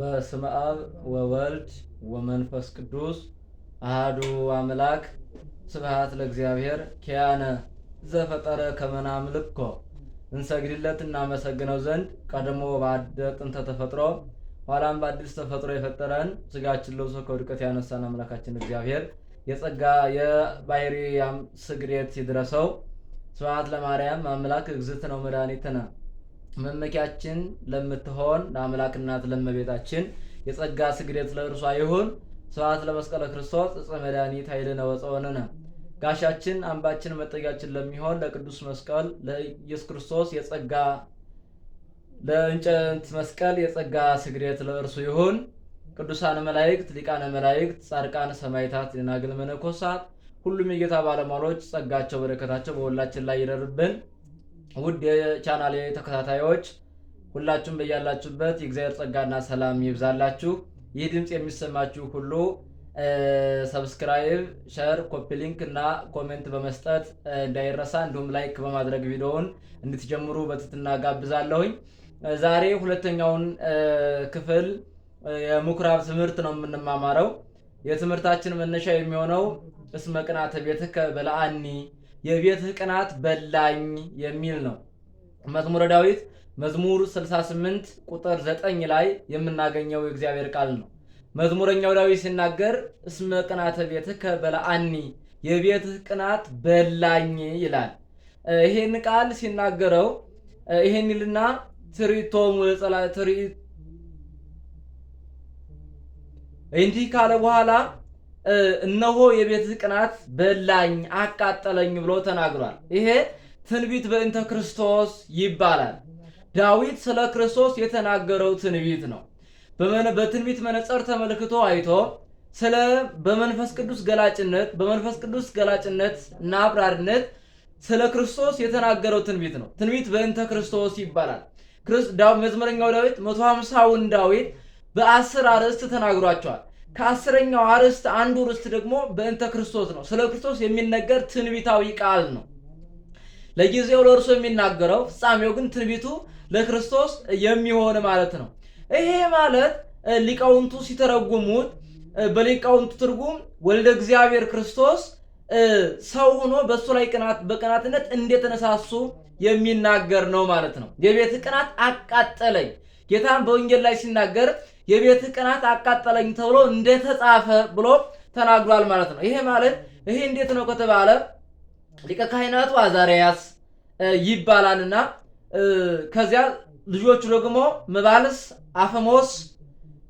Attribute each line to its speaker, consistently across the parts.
Speaker 1: በስመ አብ ወወልድ ወመንፈስ ቅዱስ አሃዱ አምላክ ስብሃት ለእግዚአብሔር ኪያነ ዘፈጠረ ከመናምልኮ እንሰግድለት እናመሰግነው ዘንድ ቀድሞ በአደ ጥንተ ተፈጥሮ ኋላም በአዲስ ተፈጥሮ የፈጠረን ስጋችን ለብሶ ከውድቀት ያነሳን አምላካችን እግዚአብሔር የጸጋ የባህሪ ስግሬት ይድረሰው። ስብሐት ለማርያም አምላክ እግዝእትነ ወመድኃኒትነ መመኪያችን ለምትሆን ለአምላክ እናት ለመቤታችን የጸጋ ስግደት ለእርሷ ይሁን። ስብሐት ለመስቀለ ክርስቶስ እፀ መድኃኒት ኃይልነ ወፀወንነ። ጋሻችን አምባችን መጠጊያችን ለሚሆን ለቅዱስ መስቀል ለኢየሱስ ክርስቶስ የጸጋ ለእንጨት መስቀል የጸጋ ስግደት ለእርሱ ይሁን። ቅዱሳን መላእክት፣ ሊቃነ መላእክት፣ ጻድቃን ሰማዕታት፣ ደናግል መነኮሳት፣ ሁሉም የጌታ ባለሟሎች ጸጋቸው በረከታቸው በሁላችን ላይ ይደርብን። ውድ የቻናሌ ተከታታዮች ሁላችሁም በያላችሁበት የእግዚአብሔር ጸጋና ሰላም ይብዛላችሁ። ይህ ድምፅ የሚሰማችሁ ሁሉ ሰብስክራይብ፣ ሸር፣ ኮፒ ሊንክ እና ኮሜንት በመስጠት እንዳይረሳ እንዲሁም ላይክ በማድረግ ቪዲዮውን እንድትጀምሩ በትትና ጋብዛለሁኝ። ዛሬ ሁለተኛውን ክፍል የምኩራብ ትምህርት ነው የምንማማረው። የትምህርታችን መነሻ የሚሆነው እስመ ቅንዓተ ቤትከ በልዐኒ የቤትህ ቅናት በላኝ የሚል ነው። መዝሙረ ዳዊት መዝሙር 68 ቁጥር 9 ላይ የምናገኘው የእግዚአብሔር ቃል ነው። መዝሙረኛው ዳዊት ሲናገር እስመ ቅናተ ቤትከ ከበላአኒ የቤትህ ቅናት በላኝ ይላል። ይህን ቃል ሲናገረው ይህን ይልና ትርኢቶሙ ለጸላ እንዲህ ካለ በኋላ እነሆ የቤት ቅናት በላኝ አቃጠለኝ ብሎ ተናግሯል። ይሄ ትንቢት በእንተ ክርስቶስ ይባላል። ዳዊት ስለ ክርስቶስ የተናገረው ትንቢት ነው። በትንቢት መነጽር ተመልክቶ አይቶ ስለ በመንፈስ ቅዱስ ገላጭነት በመንፈስ ቅዱስ ገላጭነት እና አብራሪነት ስለ ክርስቶስ የተናገረው ትንቢት ነው። ትንቢት በእንተ ክርስቶስ ይባላል። መዝመረኛው ዳዊት መቶ ሃምሳውን ዳዊት በአስር አርዕስት ተናግሯቸዋል። ከአስረኛው አርዕስት አንዱ ርዕስት ደግሞ በእንተ ክርስቶስ ነው። ስለ ክርስቶስ የሚነገር ትንቢታዊ ቃል ነው። ለጊዜው ለእርሱ የሚናገረው ፍጻሜው ግን ትንቢቱ ለክርስቶስ የሚሆን ማለት ነው። ይሄ ማለት ሊቃውንቱ ሲተረጉሙት በሊቃውንቱ ትርጉም ወልደ እግዚአብሔር ክርስቶስ ሰው ሆኖ በእሱ ላይ ቅናት በቅናትነት እንደተነሳሱ የሚናገር ነው ማለት ነው። የቤት ቅናት አቃጠለኝ ጌታን በወንጌል ላይ ሲናገር የቤት ቅናት አቃጠለኝ ተብሎ እንደተጻፈ ብሎ ተናግሯል ማለት ነው። ይሄ ማለት ይሄ እንዴት ነው ከተባለ ሊቀ ካህናቱ አዛሪያስ ይባላልና ከዚያ ልጆቹ ደግሞ መባልስ አፈሞስ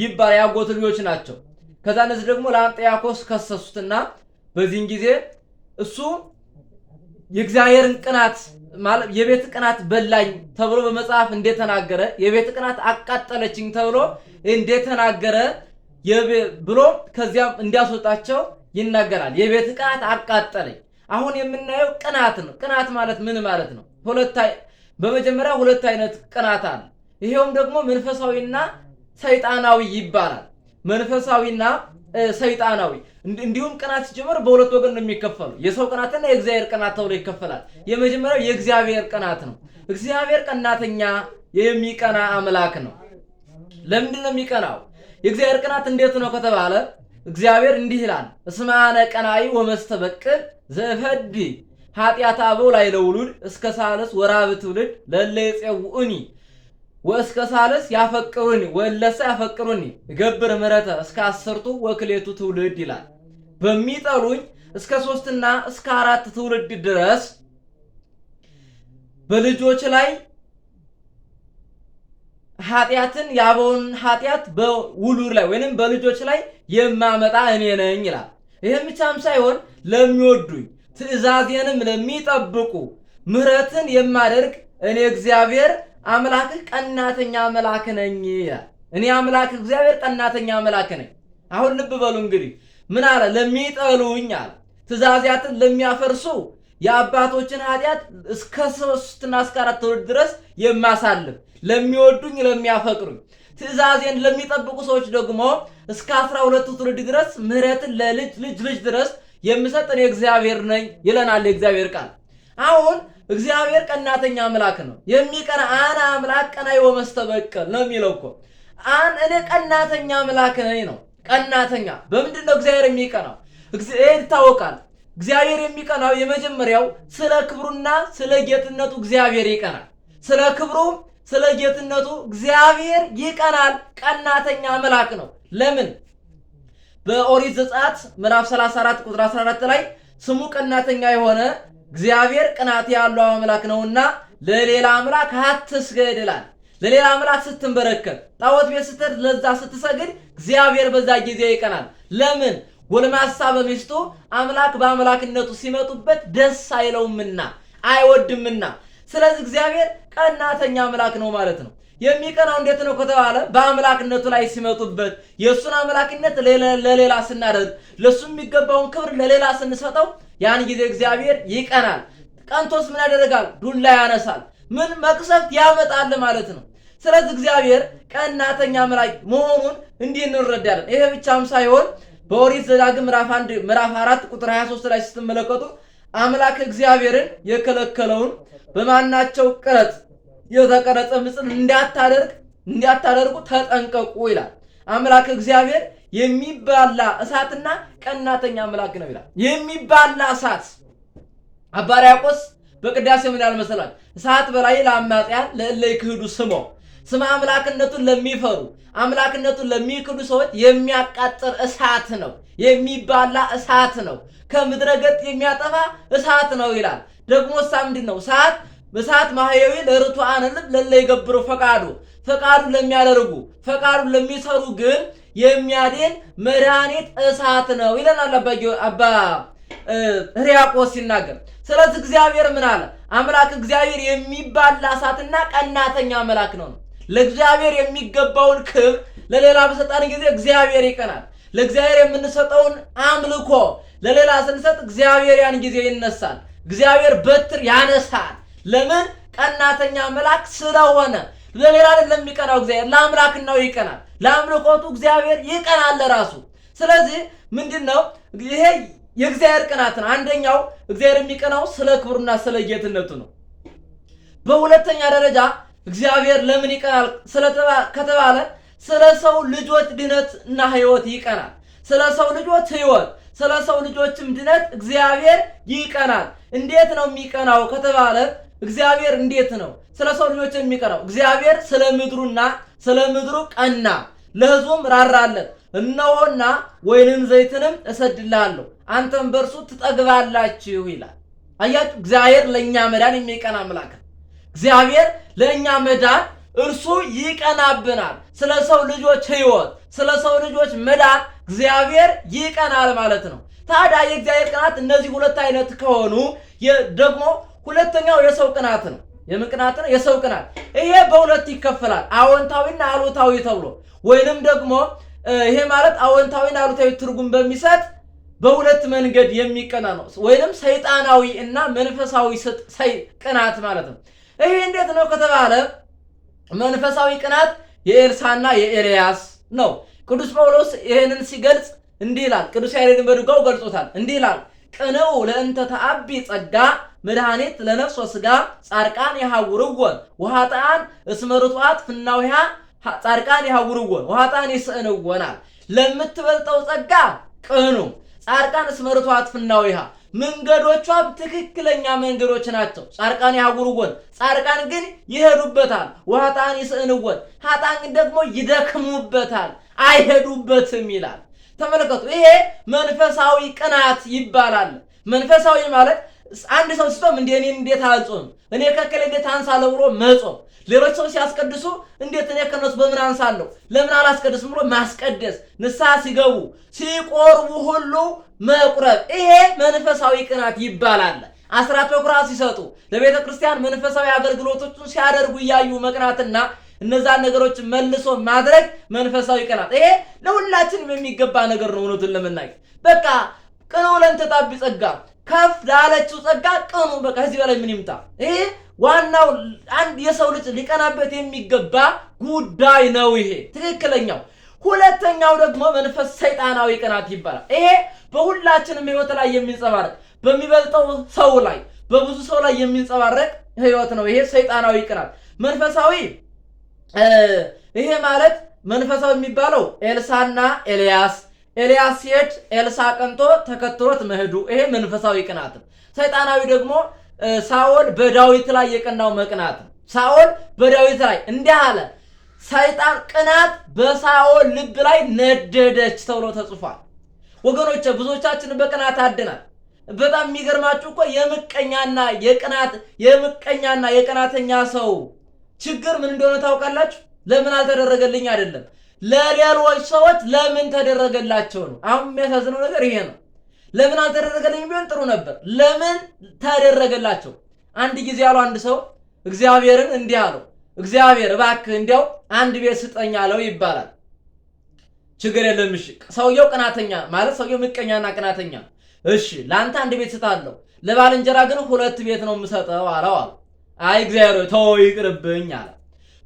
Speaker 1: ይባል ያጎት ልጆች ናቸው። ከዛ እነዚህ ደግሞ ለአንጥያኮስ ከሰሱትና በዚህን ጊዜ እሱ የእግዚአብሔርን ቅናት የቤት ቅናት በላኝ ተብሎ በመጽሐፍ እንደተናገረ የቤት ቅናት አቃጠለችኝ ተብሎ እንደተናገረ ብሎ ከዚያም እንዲያስወጣቸው ይናገራል። የቤት ቅናት አቃጠለኝ። አሁን የምናየው ቅናት ነው። ቅናት ማለት ምን ማለት ነው? ሁለት በመጀመሪያ ሁለት አይነት ቅናት አለ። ይሄውም ደግሞ መንፈሳዊና ሰይጣናዊ ይባላል። መንፈሳዊና ሰይጣናዊ እንዲሁም ቅናት ሲጀምር በሁለት ወገን ነው የሚከፈሉ፣ የሰው ቅናትና የእግዚአብሔር ቅናት ተብሎ ይከፈላል። የመጀመሪያው የእግዚአብሔር ቅናት ነው። እግዚአብሔር ቀናተኛ የሚቀና አምላክ ነው። ለምንድን ነው የሚቀናው? የእግዚአብሔር ቅናት እንዴት ነው ከተባለ እግዚአብሔር እንዲህ ይላል፣ እስመ አነ ቀናኢ ወመስተበቅል ዘፈዲ ኃጢአት አበው ላይ ለውሉድ እስከ ሳልስ ወራብ ትውልድ ለለ የፄውኡኒ ወእስከ ሳልስ ያፈቅሩኒ ወለሰ ያፈቅሩኒ ገብር ምረተ እስከ አስርቱ ወክሌቱ ትውልድ ይላል። በሚጠሉኝ እስከ ሶስትና እስከ አራት ትውልድ ድረስ በልጆች ላይ ኃጢአትን የአበውን ኃጢአት በውሉድ ላይ ወይንም በልጆች ላይ የማመጣ እኔ ነኝ ይላል። ይህም ብቻም ሳይሆን ለሚወዱኝ ትእዛዜንም ለሚጠብቁ ምሕረትን የማደርግ እኔ እግዚአብሔር አምላክህ ቀናተኛ መልአክ ነኝ ይላል። እኔ አምላክ እግዚአብሔር ቀናተኛ መልአክ ነኝ። አሁን ልብ በሉ እንግዲህ ምን አለ? ለሚጠሉኝ አለ ትእዛዚያትን ለሚያፈርሱ የአባቶችን ኃጢአት እስከ ሶስትና እስከ አራት ትውልድ ድረስ የማሳልፍ ለሚወዱኝ ለሚያፈቅሩኝ ትእዛዜን ለሚጠብቁ ሰዎች ደግሞ እስከ አስራ ሁለቱ ትውልድ ድረስ ምሕረትን ለልጅ ልጅ ልጅ ድረስ የምሰጥ እኔ እግዚአብሔር ነኝ ይለናል የእግዚአብሔር ቃል አሁን እግዚአብሔር ቀናተኛ አምላክ ነው። የሚቀና አነ አምላክ ቀናይ ወመስተበቀል ነው የሚለው እኮ አን እኔ ቀናተኛ አምላክ ነኝ ነው። ቀናተኛ በምንድን ነው እግዚአብሔር የሚቀናው? እግዚአብሔር ይታወቃል። እግዚአብሔር የሚቀናው የመጀመሪያው ስለ ክብሩና ስለ ጌትነቱ እግዚአብሔር ይቀናል። ስለ ክብሩ ስለ ጌትነቱ እግዚአብሔር ይቀናል። ቀናተኛ አምላክ ነው። ለምን? በኦሪት ዘጸአት ምዕራፍ 34 ቁጥር 14 ላይ ስሙ ቀናተኛ የሆነ እግዚአብሔር ቅናት ያለው አምላክ ነውና ለሌላ አምላክ አትስገድ ይላል። ለሌላ አምላክ ስትንበረከብ፣ ጣዖት ቤት ለዛ ስትሰግድ እግዚአብሔር በዛ ጊዜ ይቀናል። ለምን? ጎልማሳ በሚስቱ አምላክ በአምላክነቱ ሲመጡበት ደስ አይለውምና አይወድምና። ስለዚህ እግዚአብሔር ቀናተኛ አምላክ ነው ማለት ነው። የሚቀናው እንዴት ነው ከተባለ በአምላክነቱ ላይ ሲመጡበት የእሱን አምላክነት ለሌላ ስናደርግ፣ ለእሱ የሚገባውን ክብር ለሌላ ስንሰጠው ያን ጊዜ እግዚአብሔር ይቀናል። ቀንቶስ ምን ያደርጋል? ዱላ ያነሳል። ምን መቅሰፍት ያመጣል ማለት ነው። ስለዚህ እግዚአብሔር ቀናተኛ አምላክ መሆኑን እንዲህ እንረዳለን። ይሄ ብቻም ሳይሆን በኦሪት ዘዳግም ምዕራፍ 1 ምዕራፍ 4 ቁጥር 23 ላይ ስትመለከቱ አምላክ እግዚአብሔርን የከለከለውን በማናቸው ቅረጽ የተቀረጸ ምስል እንዳታደርግ እንዲያታደርጉ ተጠንቀቁ ይላል። አምላክ እግዚአብሔር የሚባላ እሳትና ቀናተኛ አምላክ ነው ይላል። የሚባላ እሳት አባ ሕርያቆስ በቅዳሴ ምን ያህል መሰላል? እሳት በላይ ለአማጽያን ለእለ ይክህዱ ስሞ ስመ አምላክነቱን ለሚፈሩ አምላክነቱን ለሚክዱ ሰዎች የሚያቃጥር እሳት ነው፣ የሚባላ እሳት ነው፣ ከምድረ ገጽ የሚያጠፋ እሳት ነው ይላል። ደግሞ እሳ ምንድን ነው? እሳት በእሳት ማህያዊ ለርቱዓን ልብ ለለ ይገብሩ ፈቃዱ ፈቃዱ ለሚያደርጉ ፈቃዱ ለሚሰሩ ግን የሚያድን መድኃኒት እሳት ነው ይለናል አባ ሕርያቆስ ሲናገር። ስለዚህ እግዚአብሔር ምን አለ? አምላክ እግዚአብሔር የሚባል እሳትና ቀናተኛ አምላክ ነው። ለእግዚአብሔር የሚገባውን ክብር ለሌላ በሰጣን ጊዜ እግዚአብሔር ይቀናል። ለእግዚአብሔር የምንሰጠውን አምልኮ ለሌላ ስንሰጥ እግዚአብሔር ያን ጊዜ ይነሳል። እግዚአብሔር በትር ያነሳል። ለምን? ቀናተኛ አምላክ ስለሆነ። ለሌላ ለሚቀናው እግዚአብሔር ለአምላክ ነው ይቀናል። ለአምልኮቱ እግዚአብሔር ይቀናል ለራሱ። ስለዚህ ምንድን ነው ይሄ የእግዚአብሔር ቅናት ነው። አንደኛው እግዚአብሔር የሚቀናው ስለ ክብሩና ስለ ጌትነቱ ነው። በሁለተኛ ደረጃ እግዚአብሔር ለምን ይቀናል ከተባለ ስለ ሰው ልጆች ድነት እና ህይወት ይቀናል። ስለ ሰው ልጆች ህይወት፣ ስለ ሰው ልጆችም ድነት እግዚአብሔር ይቀናል። እንዴት ነው የሚቀናው ከተባለ እግዚአብሔር እንዴት ነው ስለ ሰው ልጆች የሚቀናው? እግዚአብሔር ስለ ምድሩና ስለ ምድሩ ቀና፣ ለህዝቡም ራራለት። እነሆና ወይንም ዘይትንም እሰድላለሁ፣ አንተም በእርሱ ትጠግባላችሁ ይላል። አያችሁ፣ እግዚአብሔር ለእኛ መዳን የሚቀና አምላክ። እግዚአብሔር ለእኛ መዳን እርሱ ይቀናብናል። ስለ ሰው ልጆች ህይወት ስለ ሰው ልጆች መዳን እግዚአብሔር ይቀናል ማለት ነው። ታዲያ የእግዚአብሔር ቅናት እነዚህ ሁለት አይነት ከሆኑ ደግሞ ሁለተኛው የሰው ቅናት ነው። የምን ቅናት ነው? የሰው ቅናት። ይሄ በሁለት ይከፈላል፣ አዎንታዊና አሉታዊ ተብሎ ወይንም ደግሞ ይሄ ማለት አዎንታዊና አሉታዊ ትርጉም በሚሰጥ በሁለት መንገድ የሚቀና ነው። ወይንም ሰይጣናዊ እና መንፈሳዊ ቅናት ማለት ነው። ይሄ እንዴት ነው ከተባለ መንፈሳዊ ቅናት የኤልሳና የኤልያስ ነው። ቅዱስ ጳውሎስ ይሄንን ሲገልጽ እንዲህ ይላል። ቅዱስ ያሬድን በድጓው ገልጾታል። እንዲህ ይላል ቅንኡ ለእንተ ተአቢ ጸጋ መድኃኒት ለነፍስ ወሥጋ ጻርቃን የሐውርዎን ወኃጥአን እስመ ፍናውያ ጻርቃን የሐውርዎን ወኃጥአን ይስእንዎናል። ለምትበልጠው ጸጋ ቅኑ ጻርቃን እስመ ርቱዓት ፍናውያ መንገዶቿም ትክክለኛ መንገዶች ናቸው። ጻርቃን ያጉሩወን ጻርቃን ግን ይሄዱበታል። ወኃጥአን ይስእንወን ኃጥአን ግን ደግሞ ይደክሙበታል፣ አይሄዱበትም ይላል። ተመለከቱ። ይሄ መንፈሳዊ ቅናት ይባላል። መንፈሳዊ ማለት አንድ ሰው ሲጾም እንደ እኔ እንዴት አልጾም እኔ ከከለ እንዴት አንሳለሁ ብሎ መጾም፣ ሌሎች ሰው ሲያስቀድሱ እንዴት እኔ ከነሱ በምን አንሳለሁ ለምን አላስቀድስም ብሎ ማስቀደስ፣ ንስሐ ሲገቡ ሲቆርቡ ሁሉ መቁረብ፣ ይሄ መንፈሳዊ ቅናት ይባላል። አስራት በኩራት ሲሰጡ ለቤተ ክርስቲያን መንፈሳዊ አገልግሎቶቹን ሲያደርጉ እያዩ መቅናትና እነዛን ነገሮች መልሶ ማድረግ መንፈሳዊ ቅናት፣ ይሄ ለሁላችንም የሚገባ ነገር ነው። እውነቱን ለመናገር በቃ ቅኑ ለእንተ ጸጋ ከፍ ላለችው ጸጋ ቅኑ። በቃ ከዚህ በላይ ምን ይምጣ? ይሄ ዋናው አንድ የሰው ልጅ ሊቀናበት የሚገባ ጉዳይ ነው። ይሄ ትክክለኛው። ሁለተኛው ደግሞ መንፈስ ሰይጣናዊ ቅናት ይባላል። ይሄ በሁላችንም ህይወት ላይ የሚንጸባረቅ በሚበልጠው ሰው ላይ በብዙ ሰው ላይ የሚንጸባረቅ ህይወት ነው። ይሄ ሰይጣናዊ ቅናት መንፈሳዊ ይሄ ማለት መንፈሳዊ የሚባለው ኤልሳና ኤልያስ ኤልያስ ሲሄድ ኤልሳ ቀንቶ ተከትሎት መሄዱ ይሄ መንፈሳዊ ቅናት ነው። ሰይጣናዊ ደግሞ ሳኦል በዳዊት ላይ የቀናው መቅናት ነው። ሳኦል በዳዊት ላይ እንዲህ አለ፣ ሰይጣን ቅናት በሳኦል ልብ ላይ ነደደች ተብሎ ተጽፏል። ወገኖቼ ብዙዎቻችን በቅናት አድናል። በጣም የሚገርማችሁ እኮ የምቀኛና የቅናት የምቀኛና የቅናተኛ ሰው ችግር ምን እንደሆነ ታውቃላችሁ? ለምን አልተደረገልኝ አይደለም፣ ለሌሎች ሰዎች ለምን ተደረገላቸው ነው። አሁን የሚያሳዝነው ነገር ይሄ ነው። ለምን አልተደረገልኝ ቢሆን ጥሩ ነበር። ለምን ተደረገላቸው? አንድ ጊዜ ያለው አንድ ሰው እግዚአብሔርን እንዲህ አለው፣ እግዚአብሔር እባክህ እንዲያው አንድ ቤት ስጠኝ አለው ይባላል። ችግር የለም እሺ። ሰውየው ቅናተኛ ማለት ሰውየው ምቀኛና ቅናተኛ። እሺ ለአንተ አንድ ቤት ስጣለሁ፣ ለባልንጀራ ግን ሁለት ቤት ነው የምሰጠው አለው አለ። አይ እግዚአብሔር ተው ይቅርብኝ አለ።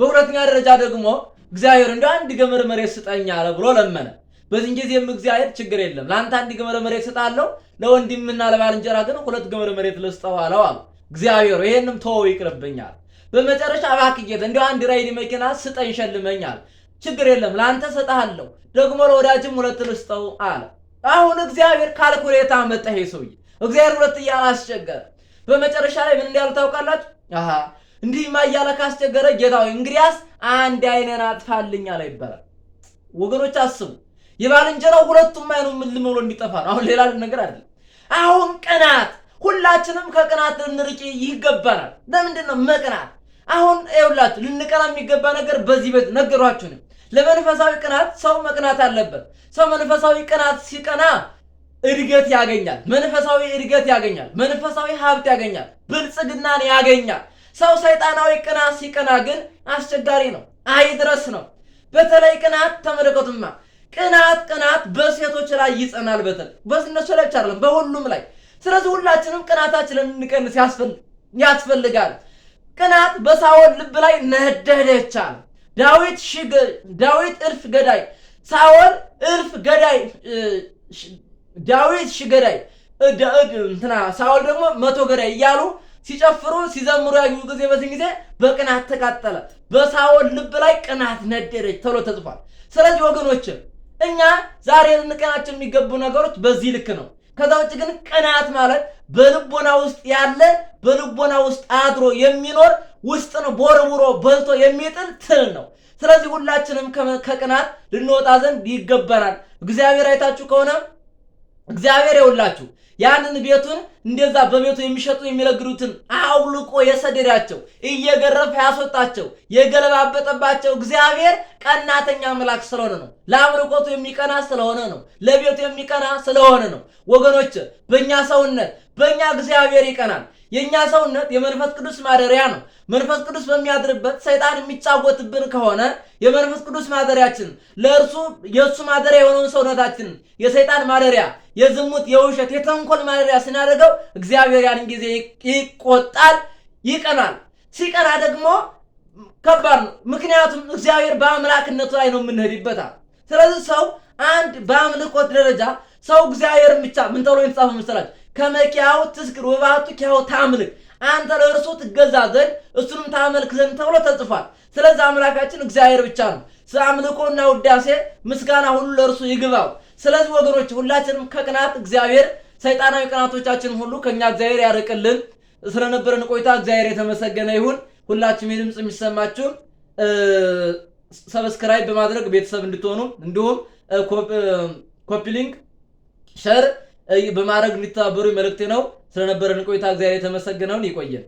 Speaker 1: በሁለተኛ ደረጃ ደግሞ እግዚአብሔር እንደ አንድ ገመር መሬት ስጠኝ አለ ብሎ ለመነ። በዚህ ጊዜም እግዚአብሔር ችግር የለም ለአንተ አንድ ገመር መሬት ስጣለሁ፣ ለወንድምና ለባልንጀራ ግን ሁለት ገመር መሬት ልስጠው አለው አሉ። እግዚአብሔር ይሄንም ተው ይቅርብኝ አለ። በመጨረሻ እባክህ እንደ አንድ ራይድ መኪና ስጠኝ ሸልመኝ አለ። ችግር የለም ለአንተ ሰጠሃለሁ፣ ደግሞ ለወዳጅም ሁለት ልስጠው አለ። አሁን እግዚአብሔር ካልኩሌታ መጣ ይሄ ሰውዬ እግዚአብሔር ሁለት እያለ አስቸገረ። በመጨረሻ ላይ ምን እንዳሉ ታውቃላችሁ? እንዲህ ማ እያለ ካስቸገረ ጌታ ሆይ እንግዲያስ አንድ አይነን አጥፋልኝ አለ ይባላል። ወገኖች አስቡ፣ የባልንጀራው ሁለቱም አይኑ ምን ልመሎ እንዲጠፋ ነው። አሁን ሌላ ነገር አይደለም። አሁን ቅናት፣ ሁላችንም ከቅናት ልንርቂ ይገባናል። ለምንድን ነው መቅናት? አሁን ይኸውላችሁ ልንቀና የሚገባ ነገር በዚህ ቤት ነገሯችሁንም። ለመንፈሳዊ ቅናት ሰው መቅናት አለበት። ሰው መንፈሳዊ ቅናት ሲቀና እድገት ያገኛል፣ መንፈሳዊ እድገት ያገኛል፣ መንፈሳዊ ሀብት ያገኛል፣ ብልጽግናን ያገኛል። ሰው ሰይጣናዊ ቅናት ሲቀና ግን አስቸጋሪ ነው፣ አይ ድረስ ነው። በተለይ ቅናት ተመለከቱማ፣ ቅናት ቅናት በሴቶች ላይ ይጸናል። በተለይ በእነሱ ላይ ብቻ አይደለም፣ በሁሉም ላይ። ስለዚህ ሁላችንም ቅናታችንን እንቀንስ ያስፈልጋል። ቅናት በሳኦል ልብ ላይ ነደደች አለ ዳዊት ዳዊት እልፍ ገዳይ ሳኦል እልፍ ገዳይ ዳዊት ሺህ ገዳይ እንትና ሳውል ደግሞ መቶ ገዳይ እያሉ ሲጨፍሩ ሲዘምሩ ያዩ ጊዜ በዚህ ጊዜ በቅናት ተቃጠለ። በሳውል ልብ ላይ ቅናት ነደረች ተብሎ ተጽፏል። ስለዚህ ወገኖች እኛ ዛሬ ልንቀናቸው የሚገቡ ነገሮች በዚህ ልክ ነው። ከዛ ውጭ ግን ቅናት ማለት በልቦና ውስጥ ያለ በልቦና ውስጥ አድሮ የሚኖር ውስጥን ቦርቡሮ በልቶ የሚጥል ትል ነው። ስለዚህ ሁላችንም ከቅናት ልንወጣ ዘንድ ይገባናል። እግዚአብሔር አይታችሁ ከሆነ እግዚአብሔር የውላችሁ ያንን ቤቱን እንደዛ በቤቱ የሚሸጡ የሚለግዱትን አውልቆ የሰደዳቸው እየገረፈ ያስወጣቸው የገለባበጠባቸው እግዚአብሔር ቀናተኛ አምላክ ስለሆነ ነው። ለአምልኮቱ የሚቀና ስለሆነ ነው። ለቤቱ የሚቀና ስለሆነ ነው። ወገኖች፣ በእኛ ሰውነት በእኛ እግዚአብሔር ይቀናል። የእኛ ሰውነት የመንፈስ ቅዱስ ማደሪያ ነው። መንፈስ ቅዱስ በሚያድርበት ሰይጣን የሚጫወትብን ከሆነ የመንፈስ ቅዱስ ማደሪያችን ለእርሱ የእሱ ማደሪያ የሆነውን ሰውነታችን የሰይጣን ማደሪያ፣ የዝሙት፣ የውሸት፣ የተንኮል ማደሪያ ስናደርገው እግዚአብሔር ያን ጊዜ ይቆጣል፣ ይቀናል። ሲቀና ደግሞ ከባድ ነው። ምክንያቱም እግዚአብሔር በአምላክነቱ ላይ ነው የምንሄድበታል። ስለዚህ ሰው አንድ በአምልኮት ደረጃ ሰው እግዚአብሔርን ብቻ ምን ተብሎ የተጻፈ መሰላችሁ? ከመኪያው ትስክር ወባቱ ኪያው ታምልክ አንተ ለእርሱ ትገዛ ዘንድ እሱንም ታመልክ ዘንድ ተብሎ ተጽፏል። ስለዚህ አምላካችን እግዚአብሔር ብቻ ነው። አምልኮና ውዳሴ ምስጋና ሁሉ ለእርሱ ይግባው። ስለዚህ ወገኖች ሁላችንም ከቅናት እግዚአብሔር ሰይጣናዊ ቅናቶቻችን ሁሉ ከእኛ እግዚአብሔር ያርቅልን። ስለነበረን ቆይታ እግዚአብሔር የተመሰገነ ይሁን። ሁላችሁም የድምፅ የሚሰማችሁ ሰብስክራይብ በማድረግ ቤተሰብ እንድትሆኑ እንዲሁም ኮፒ ሊንክ ሸር በማድረግ እንዲተባበሩ መልእክቴ ነው። ስለነበረን ቆይታ እግዚአብሔር የተመሰገነውን ይቆየን።